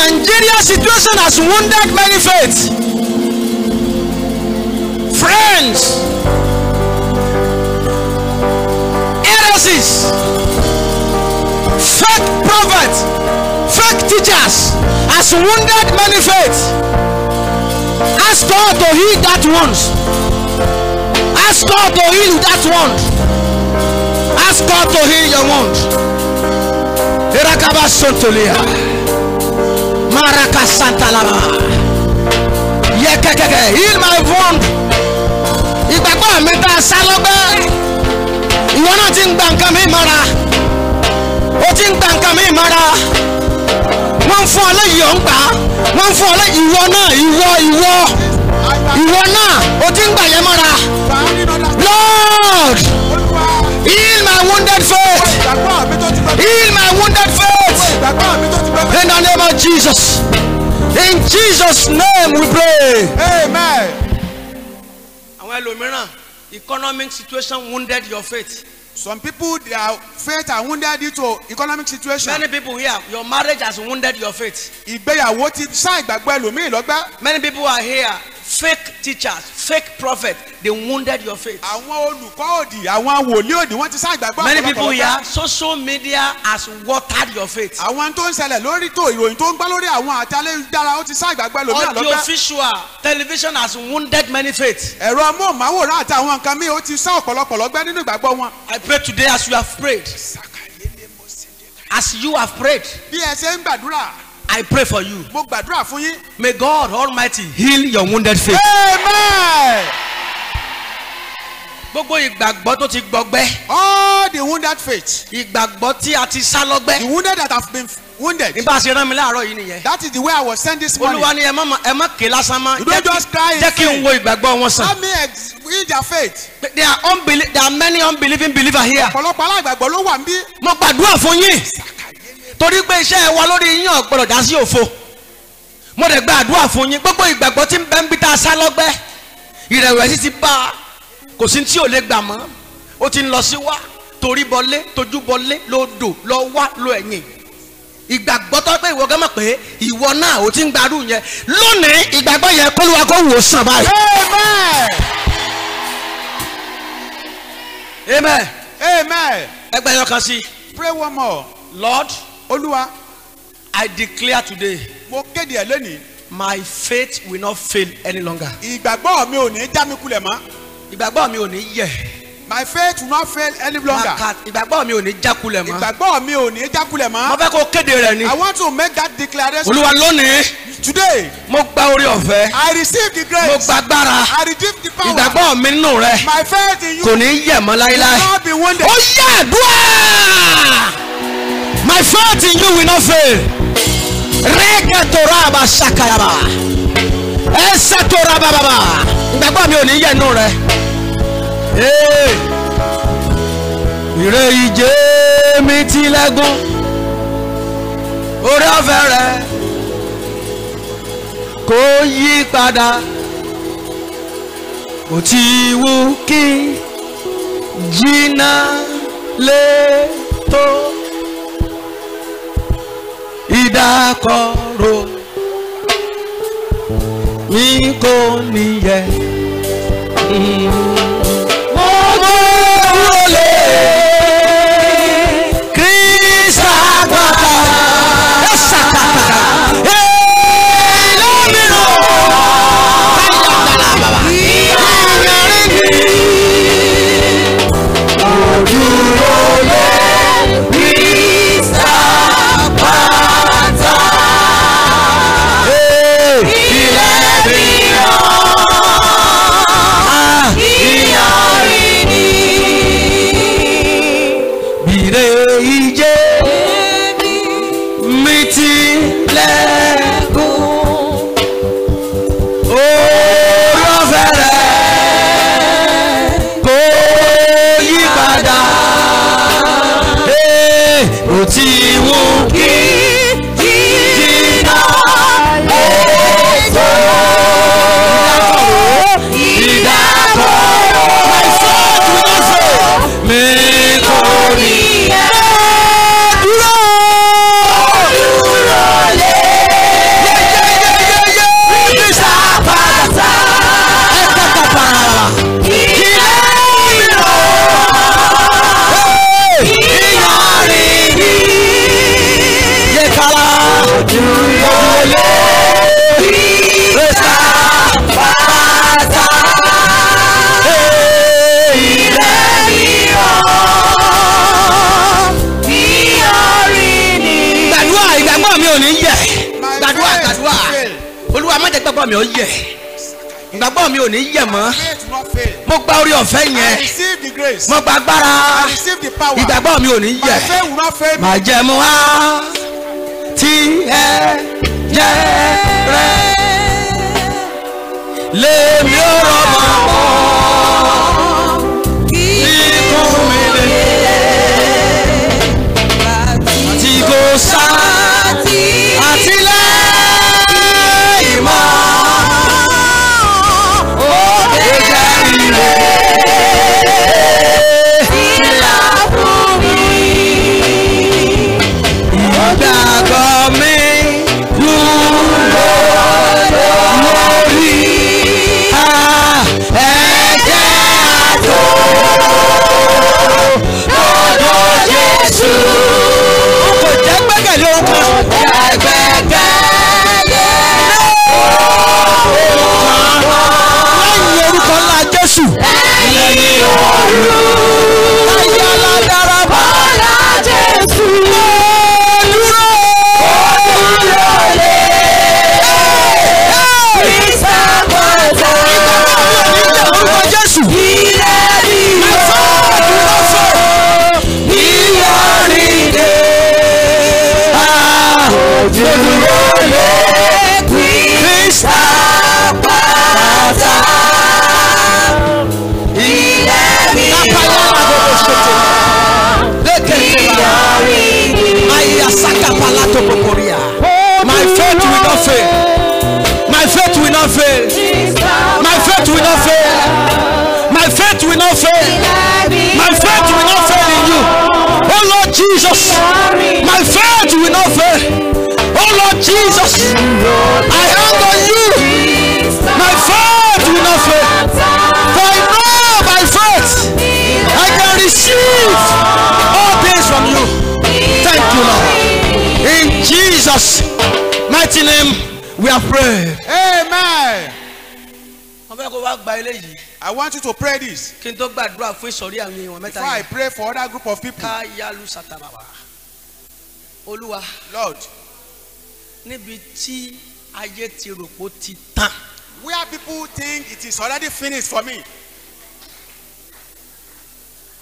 Nigeria situation has wounded many faith. Friends, heresies, fake prophets, fake teachers has wounded many faith. Ask God to heal that wound. Ask God to heal that wound. Ask God to heal your wound. Irakaba Sontolia. Maraka Santalaba. Yekekeke. Heal my wound. Ìgbàgbọ́ mi ta sálọ́gbẹ́. Ìwọ náà ti ń gba nǹkan mi mara. O ti ń gba nǹkan mi mọ́ra. Wọ́n ń fún ọ lẹ́yìn ọ̀ ń Wọ́n ń fún ọ ìwọ náà ìwọ ìwọ. Ìwọ náà o ti ń gbà yẹn mọ́ra. Lord my wounded faith. Heal my wounded faith. In the name of Jesus. In Jesus' name we pray. Amen. Àwọn ẹlòmíràn economic situation wounded your faith. Some people their faith are wounded due to economic situation. Many people here your marriage has wounded your faith. Ìgbéyàwó ti sá ìgbàgbọ́ ẹlòmíì lọ́gbà. Many people are here fake teachers fake prophets they wounded your faith. àwọn olùkọ́ òdì àwọn wòlíì òdì wọ́n ti sá ìgbàgbọ́ àpọ̀lọpọ̀. many people here social media has watered your faith. àwọn tó ń ṣẹlẹ̀ lórí tó ìròyìn tó ń gbọ́ lórí àwọn àtàlẹ́dára ó ti sá ìgbàgbọ́ lómi àlọ́gbẹ́. audio visual television has wounded many faiths. ẹ̀rọ amóhùnmáwòrán àti àwọn nǹkan míì ó ti sá ọ̀pọ̀lọpọ̀ lọ́gbẹ́ nínú ìgbàgbọ́ wọn. I pray today as you have prayed as you have prayed. bí ẹ ṣe ń gbàdúrà. I pray for you. Mo gbàdúrà fún yín. May God Almighty heal your wounded faith. Amen. Gbogbo ìgbàgbọ́ tó ti gbọgbẹ́. All the wounded faith. Ìgbàgbọ́ tí a ti sá lọ́gbẹ́. The wounded that have been wounded. Nígbà ṣe rán láàárọ̀ yìí nìyẹn. That is the way I was sent this morning. Olúwa ni ẹ má ẹ má ké lásán mọ́. You don't just cry in faith. Jẹ́ kí n wo ìgbàgbọ́ wọn sàn. Let me read their faith. There are many unbelieving believers here. Ọ̀pọ̀lọpọ̀ aláìgbàgbọ́ ló wà níbí. Mo gbàdúrà fún yín torí pé iṣẹ́ wa lórí yín ọ̀gbọ́dọ̀ dá sí òfo mo dẹ̀ gba àdúrà fún yín gbogbo ìgbàgbọ́ tí ń bẹ ń bí tá a sá lọ́gbẹ́ ìrẹ̀wẹ̀sì ti bá a kò sí tí ò lè gbà mọ́ ó ti ń lọ sí wá torí bọlé tojú bọlé ló dò lọ wá lọ ẹ̀yìn ìgbàgbọ́ tó pé ìwọ gẹ́mọ̀ pé ìwọ náà ó ti ń gbarú yẹn lónìí ìgbàgbọ́ yẹn kólúwa kó wò sàn báyìí. amen amen amen ẹgbẹ́ yọkan sí. pray one more. lord olúwa. I declare today. mo kéde ẹ lónìí. my faith will not fail any longer. ìgbàgbọ́ mi ò ní já mi kulẹ̀ mọ́. ìgbàgbọ́ mi ò ní yẹ̀. my faith will not fail any longer. ìgbàgbọ́ mi ò ní já kulẹ̀ mọ́. ìgbàgbọ́ mi ò ní já kulẹ̀ mọ́. mo fẹ́ kó kéde rẹ̀ ni. I want to make that declaration. olúwa lónìí. today. mo gba orí ọ̀fẹ́. I receive the grace. mo gba agbára. I receive the power. ìgbàgbọ́ mi nínú rẹ. my faith in you. kò ní yẹ̀ mọ́ láéláé. will not be wounded. ó yẹ àdúrà. My faith in you will not fail. Rẹ́gẹ̀tọ̀rọ̀ àbàṣàkàyàbà. Ẹsẹ̀ tó ra baba. Ìgbàgbọ́ mi ò ní yẹnu rẹ̀. Ìrè ìjẹ́ mi ti lẹ́gùn. Orí ọ̀fẹ́ rẹ̀ kò yí padà. Kò ti wú kí jìnnà lé tó. dákọ̀ró mi kò níyẹ. Mm-hmm. grace. mo gba agbára. I receive the power. ìgbàgbọ́ mi ò ní yẹ̀. my faith will not fail me. màá jẹ mu wá tí ẹ jẹ rẹ lèmi ò rọ mọ́. not fail. My faith will not fail in you. Oh Lord Jesus, my faith will not fail. Oh Lord Jesus, I hang on you. My faith will not fail. For I know by faith I can receive all things from you. Thank you, Lord. In Jesus' mighty name, we are praying. Amen. Ọbẹ̀ kò wá gba eléyìí. I want you to pray this. Kí n tó gbàdúrà fún ìsọ̀rí àwọn èèyàn mẹ́ta yẹn. Before I pray for other group of people. Ká yálù sàtàbàbà. Olúwa. Lord. Níbi tí ayé ti rò pé ti tán. Where people think it is already finished for me.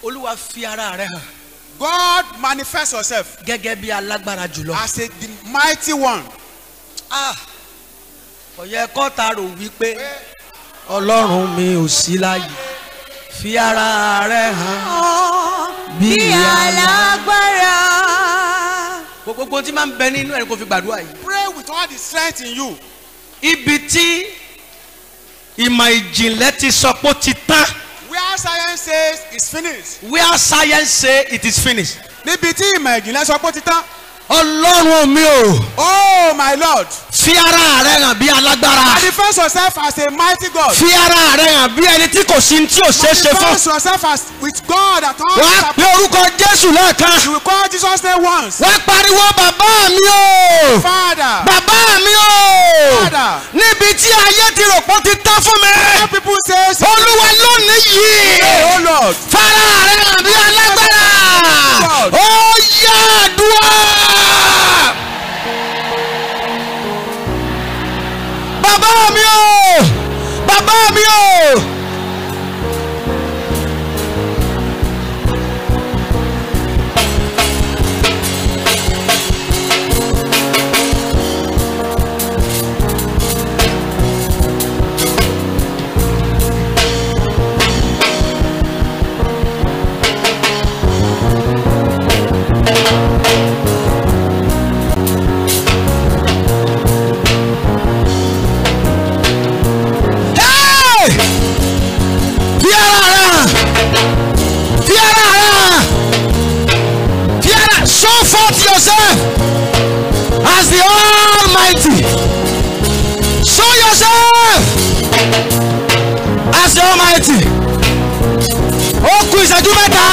Olúwa fi ara rẹ̀ hàn. God manifest yourself. Gẹ́gẹ́ bí alágbára jùlọ. As a the mighty one. Ah! Ọ̀yẹ́ kọ́ta rò wípé. Hey ọlọ́run mi ò sí láyé fi ara rẹ hàn bí alágbára. gbogbo tí máa ń bẹ nínú ẹni kò fi gbàdúrà yìí. pray with all the strength in you. ibi tí ìmọ̀ ìjìnlẹ̀ ti sọ pé ó ti tán. where science says it's finished. where science say it is finished. níbi tí ìmọ̀ ìjìnlẹ̀ sọ pé ó ti tán ọlọ́run mi o. oh my lord. fi ara rẹ hàn bí alágbára. manifest yourself as a mighty God. fi ara rẹ hàn bí ẹni tí kò sí tí ò ṣeé ṣe fún. manifest yourself as with God at all. wàá pe orúkọ Jésù lẹ́ẹ̀kan. you will call Jesus name once. wàá pariwo bàbá mi o. father. bàbá mi o. father. níbi tí ayé ti rò pé ó ti tán fún mi. some people say. olúwa lónìí yìí. oh lord. fara rẹ hàn bí alágbára. ó yá àdúrà. Baba. Jesus the Almighty ó kù ìṣẹ́jú mẹ́ta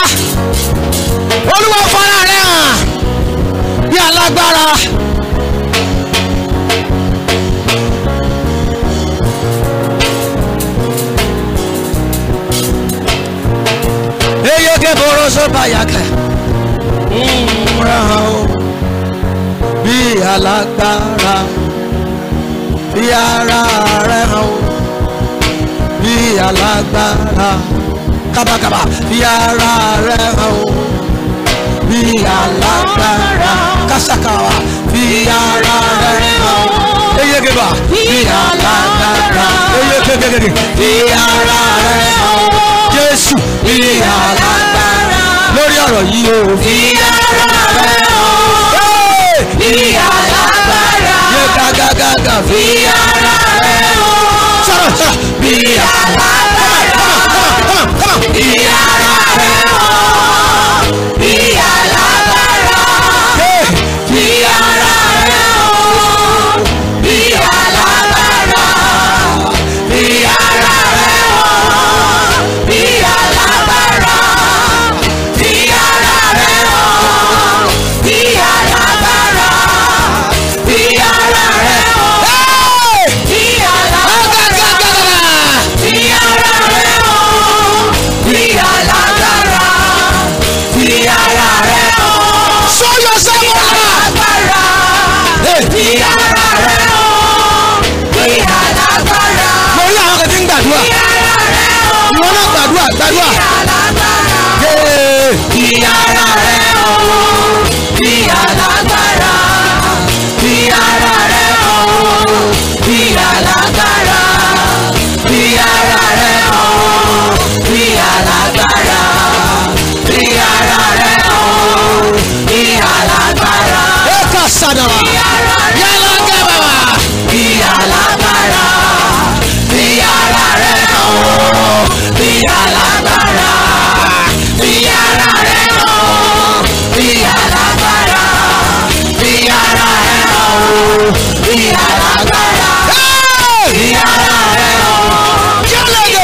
olúwa fara rẹ̀ hàn bí alágbára. Eye ke boro so bayaka, múra hàn ó bí alágbára, bí ara rẹ̀ hàn ó. bí alágbára kábàkàbà fi ara rẹ hàn o bí alágbára kásákàwà fi ara rẹ hàn o eyegeba fi alágbára eyegegege fi ara rẹ hàn o Jésù fi alágbára lórí ọ̀rọ̀ yìí o fi ara rẹ hàn o fi alágbára yẹ gàgàgàgà fi ara rẹ hàn bí ara rẹ̀ mọ́ bí ara rẹ̀ mọ́ gbàdúrà gbàdúrà. ìyá alágbára. o. Iaragara! Iaragara! Viara,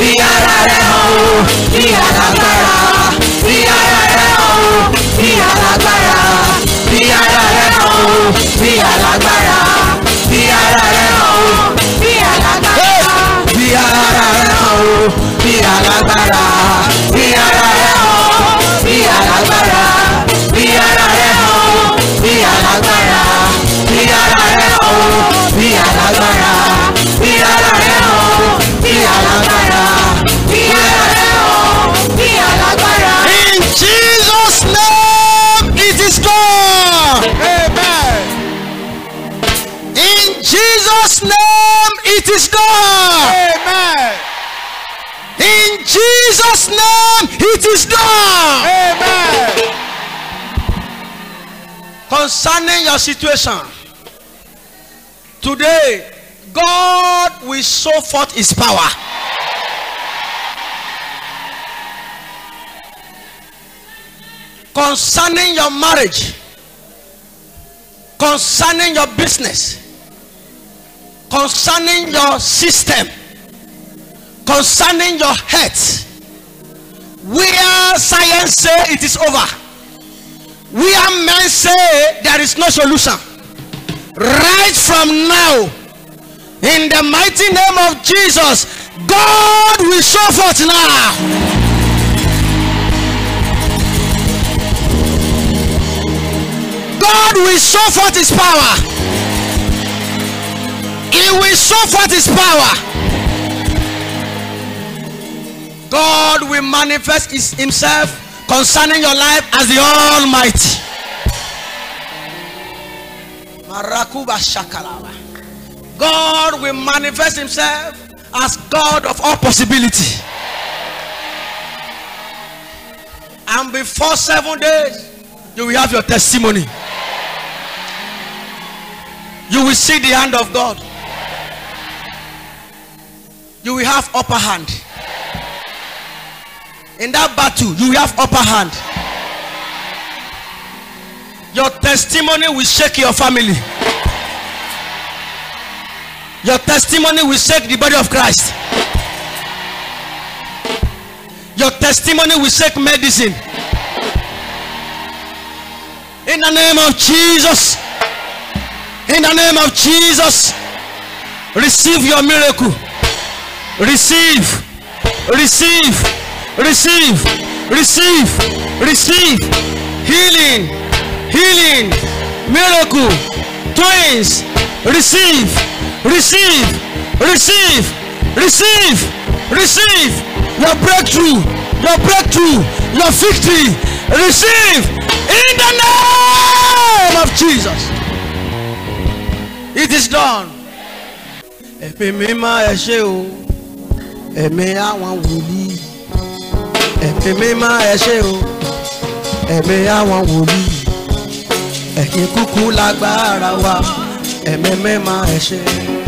Viara, Viara, Viara, alágbára fi ara rẹ hàn o fi alágbára fi ara rẹ hàn o fi alágbára fi ara rẹ hàn o fi alágbára fi ara. Jesus' name, it is done. Amen. Concerning your situation, today, God will show forth his power. Concerning your marriage, concerning your business, concerning your system, concerning your health, where science say it is over where men say there is no solution right from now in the mighty name of jesus god will show forth now god will show forth his power he will show forth his power God will manifest his, himself concerning your life as the Almighty. God will manifest himself as God of all possibility. And before seven days, you will have your testimony. You will see the hand of God. You will have upper hand in that battle you have upper hand your testimony will shake your family your testimony will shake the body of christ your testimony will shake medicine in the name of jesus in the name of jesus receive your miracle receive receive receive receive receive healing healing miracle twins receive receive receive receive receive your breakthrough your breakthrough your victory receive in the name of Jesus it is done. ẹ̀mí mímọ́ ẹ ṣé o ẹ̀mí àwọn wòlíì ẹ̀mí mímọ́ ẹ ṣé o ẹ̀mí àwọn wòlíì ẹ̀yin kúkú lágbára wa ẹ̀mí mímọ́ ẹ